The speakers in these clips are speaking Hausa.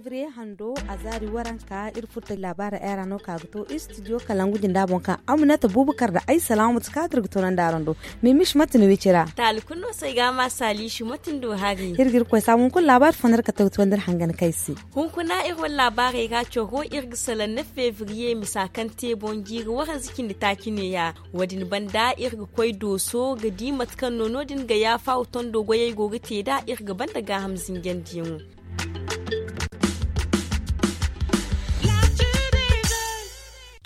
février hando zari waranka irfurta labara era no i studio kalangujin dabon ka aminata bubukar da ai salamu tsakatar gito nan daron do me mish matin wicira tal kunno sai ga ma sali shi matin do hari. irgir ko samun kun labar fanar ka tawto wandar hangan si. kun kuna i labarai labare ga choho irg na février misakan te bon jiri waran zikin da takine ya wadin banda irg koi doso ga dimat kan nono din ga ya fa uton dogo yayi gogi da irg banda ga hamzin gendiyin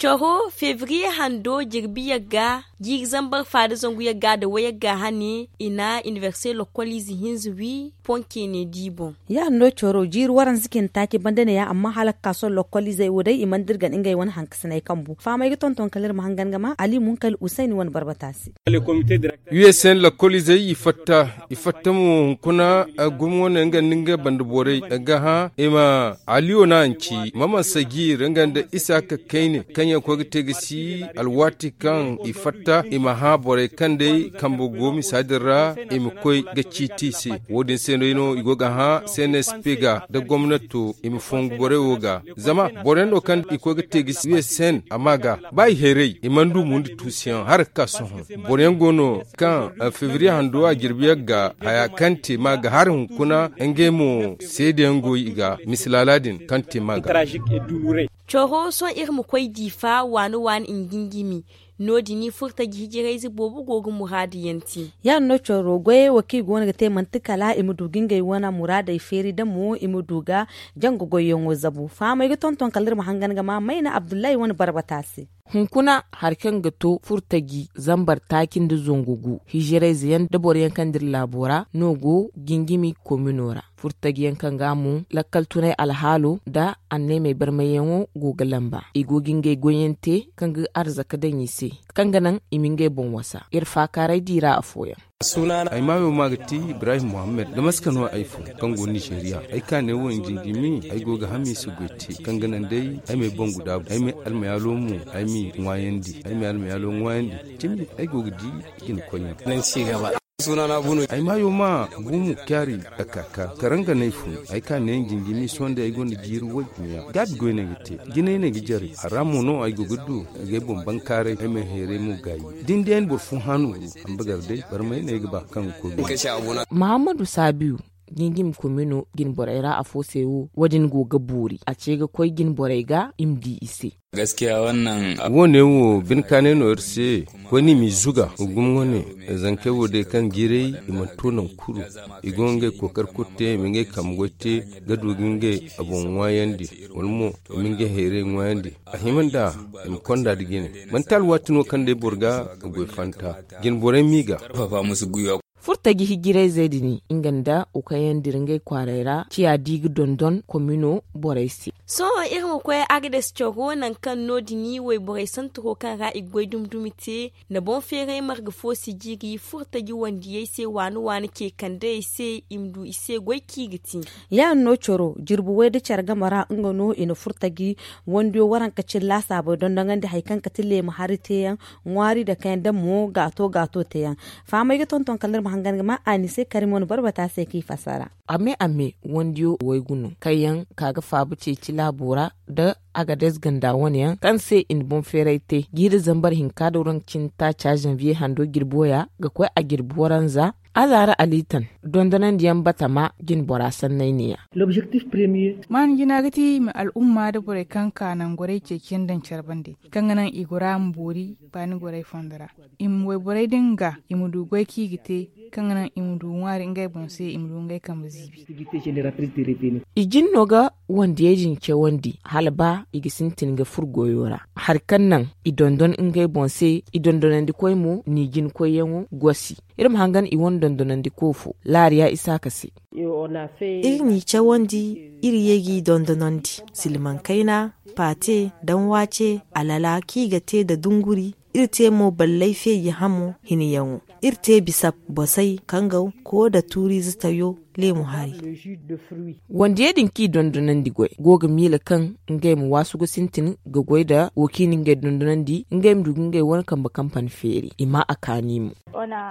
Coho fevri hando jirbi yaga jig zambar fada zangu yaga da waya ga hani ina université lokoli zihinzu wi ponke ne dibon. Ya no choro jir waran zikin take ne ya amma halak kaso lokoli zai wadai iman dirgan inga ingai wani hankasinai kambu. Fama yi ton kalir mahangan gama Ali Munkal Usain wani barbatasi. USN lokoli zai ifatta ifatta mu kuna a gumwona inga ninga banduborai ga ha ima aliyo na anci mama sagir ingan da isa ka kai kanya ya kwagi tegisi alwati kan ifatta fatta ima ha kande kambo gomi sadira ima koi gaci tisi wodin seno ino igoga ha CNSP ga da gwamnato ima fongu bore woga zama boren do kan i kwagi tegisi we sen amaga bai herei imandu mundi tusiyan har ka sohon boren gono kan a hando a girbiya ga haya kante maga har hunkuna engemo sede da yangoyi ga misalaladin kante maga coho son irmu kwai difa wani wani ingingimi nodini ni furta gihigirai zibobu gogu muradi yanti. Ya no choro gwe waki gwona gate mantika la imu duginga wana murada feri da mu imu duga jango goyongo zabu. Fama yiga tonton kalir mahangan gama na Abdullahi wani barbatasi. hunkuna harken gato furtagi zambar takin da zungugu hijirai ziyan dabar yankan dir labora nogo gingimi kominora furtagi yankan gamu lakkal tunai alhalo da anne mai barmayen goga lamba igo ginge goyente kan ga arzaka dan yise kanga nan imingai bon wasa irfa karai dira a foyan sunana imamu magati ibrahim muhammad da maskano aifu kan goni shari'a ai ka ne won jingimi ai goga hami su gwete kan ganan dai ai mai bon guda ai mai almayalo mu ai mi wayandi ai mai almayalo wayandi timi ai goga di gin konya nan ci gaba suna na bunu ai mayo ma gumu kyari akaka karanga na ifu ai ka ne gingimi sonde ai gonda jiru wai kunya gabi ne gite gine ne gijari haramu no ai gugudu ge bomban bankare ai me here mu gayi dinden fu hanu ambagar dai mai ne ga kan ko mahamadu Sabiu gingim komino gin boraira a fosewo wadin goga bori a ce ga gin boraiga imdi ise gaskiya wannan wone wo bin kane no ko ni mi zuga gum woni zanke wo de kan gire ima tonan kuru igonge kokar kutte minge kam gote gadu ginge abon wayandi wolmo minge here wayandi ahimanda im konda digine mantal watino kande borga go fanta gin bore miga papa musu guyo furta zai zedini inganda ukayen diringe kwarera ciya digi dondon komino boraisi so irin kwaya agades chogo nan kan nodi ni wai boraisan tuho kan ra igwai dumdumite na bon fere marga fosi jiri furta gi wandi yai se wani wani ke kanda yai se imdu ise gwai kigiti ya no choro jirbu wai da charga mara no ina furta gi wandi waran kacin lasa bai don dangan da haikan katile mahari yan ngwari da kayan da mo gato gato yan fama ga tonton kallar hangar ma ani sai karim wani barba ta sai ki fasara ame ame wandiyo wai gunu yan kaga fabu ce ci labura da agades ganda wani yan kan sai in bon ferete gida zambar hinka da wurin ta cajin hando girboya ga kwai a girboran za azara alitan dondonan diyan bata ma jin sannai ne ya. L'objectif premier. Man gina gati mi al'umma da bore kanka nan gore keken dan charbande. Kanganan igora ba ni gore fondara. Im we bore dinga imudu gwe ki gite kanganan imudu ngari ngai bonse imudu ngai kamzibi. Ijin noga wandi yejin ke wandi halba igisin tinga furgoyora. Harkan nan idondon ngai bonse idondonan di jin koi koyengo gwasi. irim hangan iwon wondon donandi kofo ya isa kasi. irni ce wandi iri yegi di siliman kaina pate dan wace alala gate da dunguri irte mo ballai fe yi hamu hiniyanwu irte bisa bosai kangau ko da turi yo lemu hari wanda ya dinki dundunan di gwai, goga mila kan ngai mu wasu go sintin ga gwai da wakilin ga dundunan di ngai mu dugun ngai wani kan ba kamfan feri ima kani mu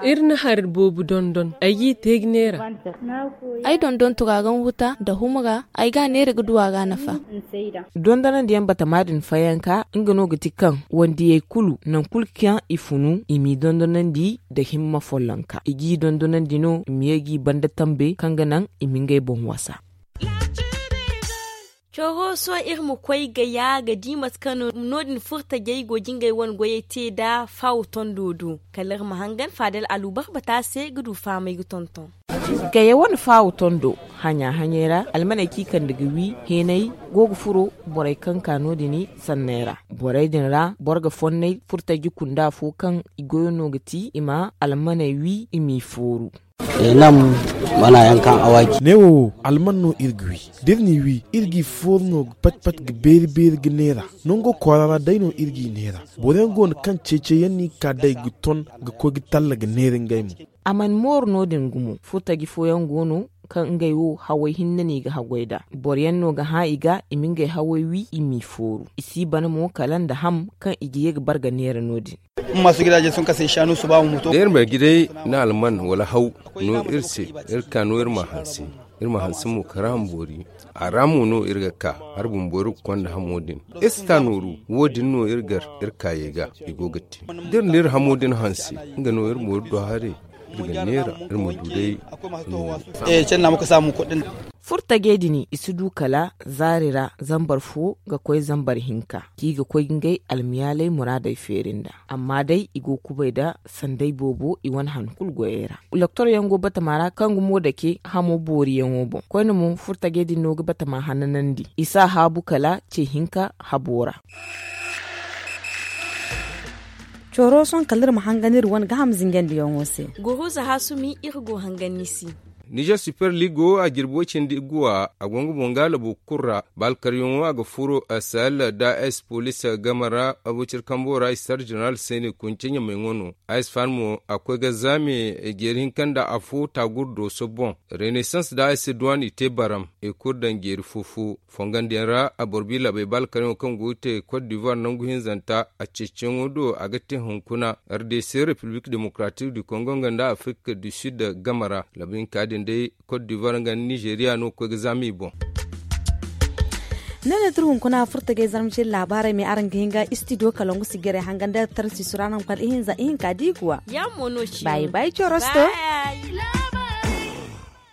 irin har bobu dondon ayi tegnera ai dundun turagan huta da humura ai ga ne riga duwa ga nafa mm, Dundunan di yan bata madin fayanka ingano ga gati kan wanda ya kulu nan kulkiyan ifunu imi dundunan di da himma follanka igi dundunan di no mi yagi banda tambe kan nganganan imingai bon wasa Choro irmu kwai ga ya ga Dimas Kano nodin furta gai gogin gai wani goye te da fawuton dodo kalar mahangan fadal alubar ba ta sai gudu fa mai gutonton. Ga wani fawuton dodo. hanya hanyera almana kikan daga wi henai gogu furo borai kan kano ni sannera borai din ra borga fonnai furta da fo kan igoyono gati ima almana wi imi furu eh, nam mana yankan awaki newo almanno irgwi dirni wi irgi forno pat pat ga beri beri ga nera nongo kwarara daino irgi nera gon kan cece yanni ka dai guton ga ko gi talla ga nerin gaimu aman mor no den gumu futa gi foyan gono kan ngai wo hawai hinna ne ga hagwaida boryan no ga ha'iga imin ga hawai wi imi foru isi bana mo kalan da ham kan igiye ga barga nera nodin masu gidaje sun kasance shanu su ba mu mutu dayar mai gidai na alman wala hau no irse irka no irma hansi irma hansi mu karam bori a ramu no irga ka har bumbori kwanda hamodin ista noru wodin no irgar irka yega igogatti dir nir hamodin hansi ga no mu do hare daga naira har madudai eh can na muka samu furta gedini isudu kala zarira zambar fo ga koi zambar hinka ki ga koi gai almiyalai muradai ferinda amma dai igo kubai da sandai bobo iwan hankul goyera loktor yango bata mara kangu gumo da ke hamo bori yango bo koi mun furta gedini no ga bata ma hananandi isa habu kala ce hinka habora coro son kalir mahanganir wan gaham zingen diyon wose. Goho za hasumi irgo hanganisi. niger super league a girbocendi diguwa a gungu bongala bukura balkar wa ga furo a sayar da s police gamara abucin kambora isar general sani kuncinya mai ngono is farmo akwai ga zame gerin da a fu gurdo su bon. renaissance da is duwani ite baram e kurdan geri fufu fongandera a borbi labai balkar kan gote cote d'ivoire nan guhin zanta a cikin wudo a gatin hunkuna rdc republic democratic du congo ganda afrique du sud gamara labin kadin nde cote d'ivoire ga nigeria no ko exami bon nana turhun kuna furta gai zarmcin labarai mai aran gahinga istido kalongu sigire hangan da tarsi suranan kwal ihin za ihin kadiguwa ya mono shi bye bye chorosto bye.